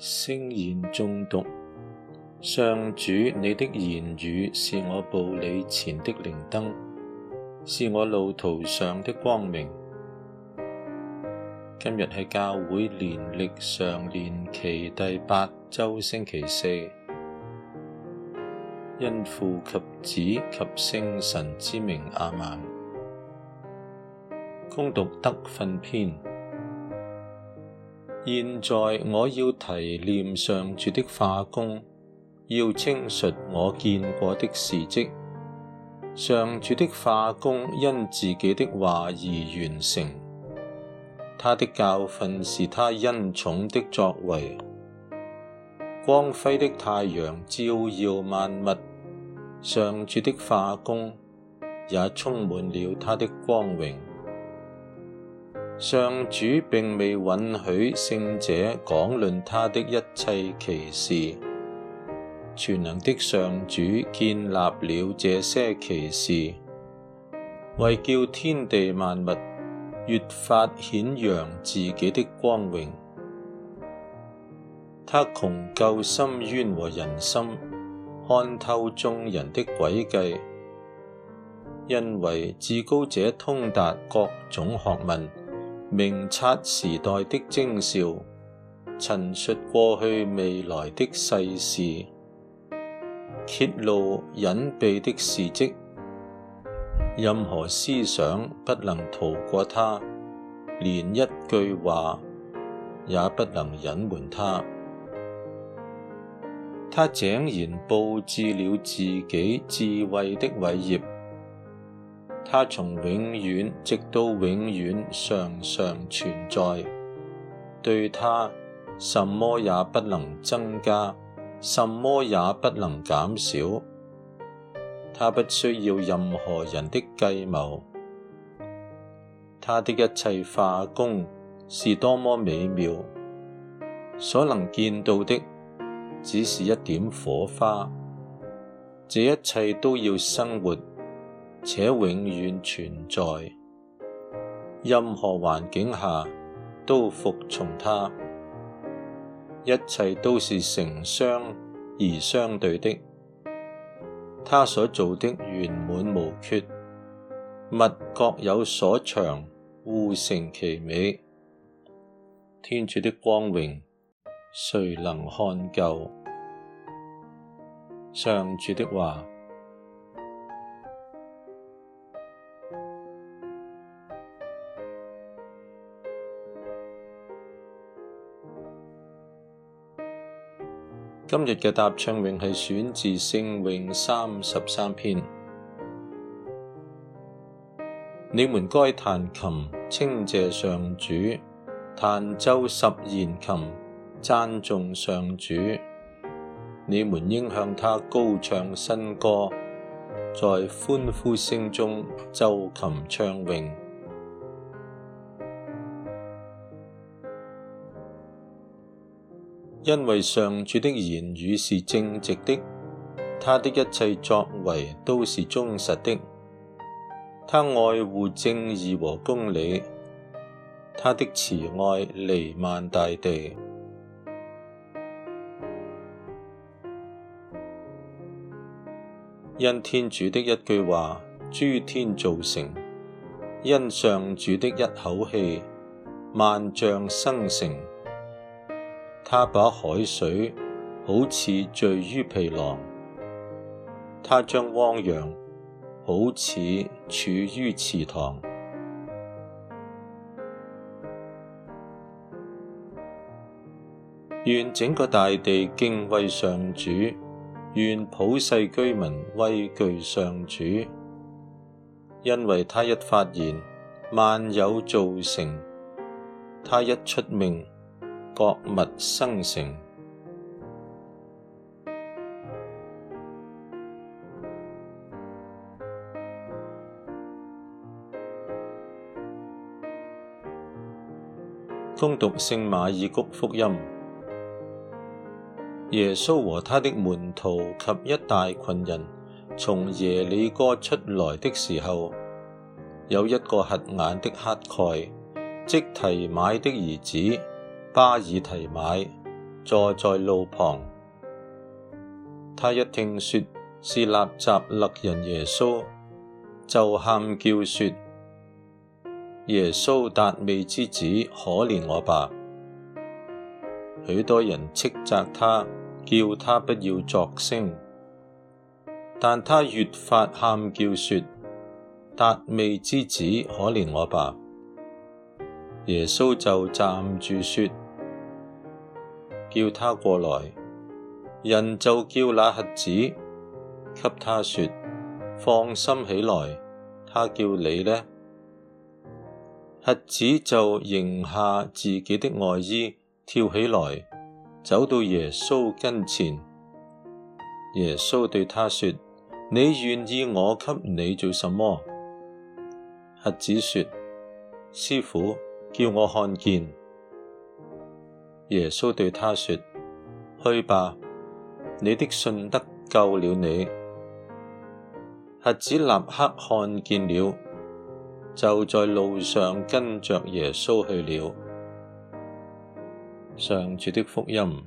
聖言誦讀。上主，你的言語是我步履前的靈燈，是我路途上的光明。今日係教會年曆常年期第八周星期四，因父及子及聖神之名阿們。恭讀德訓篇。現在我要提念上主的化工，要稱述我見過的事跡。上主的化工因自己的話而完成，他的教訓是他恩寵的作為。光輝的太陽照耀萬物，上主的化工也充滿了他的光榮。上主並未允許聖者講論他的一切奇事。全能的上主建立了這些奇事，為叫天地萬物越發顯揚自己的光榮。他窮究深淵和人心，看透眾人的詭計，因為至高者通達各種學問。明察時代的徵兆，陳述過去未來的世事，揭露隱秘的事跡，任何思想不能逃過他，連一句話也不能隱瞞他。他井然布置了自己智慧的偉業。他從永遠直到永遠常常存在，對他什麼也不能增加，什麼也不能減少。他不需要任何人的計謀。他的一切化工是多麼美妙，所能見到的只是一點火花。這一切都要生活。且永遠存在，任何環境下都服從他。一切都是成雙而相對的，他所造的圓滿無缺。物各有所長，互成其美。天主的光榮，誰能看夠？上主的話。今日嘅答唱詠係選自聖詠三十三篇。你們該彈琴，稱謝上主；彈奏十弦琴，讚頌上主。你們應向他高唱新歌，在歡呼聲中奏琴唱詠。因為上主的言語是正直的，他的一切作為都是忠實的，他愛護正義和公理，他的慈愛瀰漫大地。因天主的一句話，諸天造成；因上主的一口氣，萬象生成。他把海水好似聚於皮囊，他將汪洋好似儲於池塘。願整個大地敬畏上主，願普世居民畏懼上主，因為他一發言，萬有造成；他一出命。各物生成。恭讀聖馬爾谷福音，耶穌和他的門徒及一大群人，從耶里哥出來的時候，有一個瞎眼的乞丐，即提買的兒子。巴爾提買坐在路旁，他一聽說是納匝肋人耶穌，就喊叫說：耶穌達味之子，可憐我吧！許多人斥責他，叫他不要作聲，但他越發喊叫說：達味之子，可憐我吧！耶穌就站住說。叫他過來，人就叫那瞎子，給他說：放心起來。他叫你呢，瞎子就扔下自己的外衣，跳起來，走到耶穌跟前。耶穌對他說：你願意我給你做什麼？瞎子說：師傅，叫我看見。耶穌對他說：去吧，你的信德救了你。瞎子立刻看見了，就在路上跟着耶穌去了。上主的福音。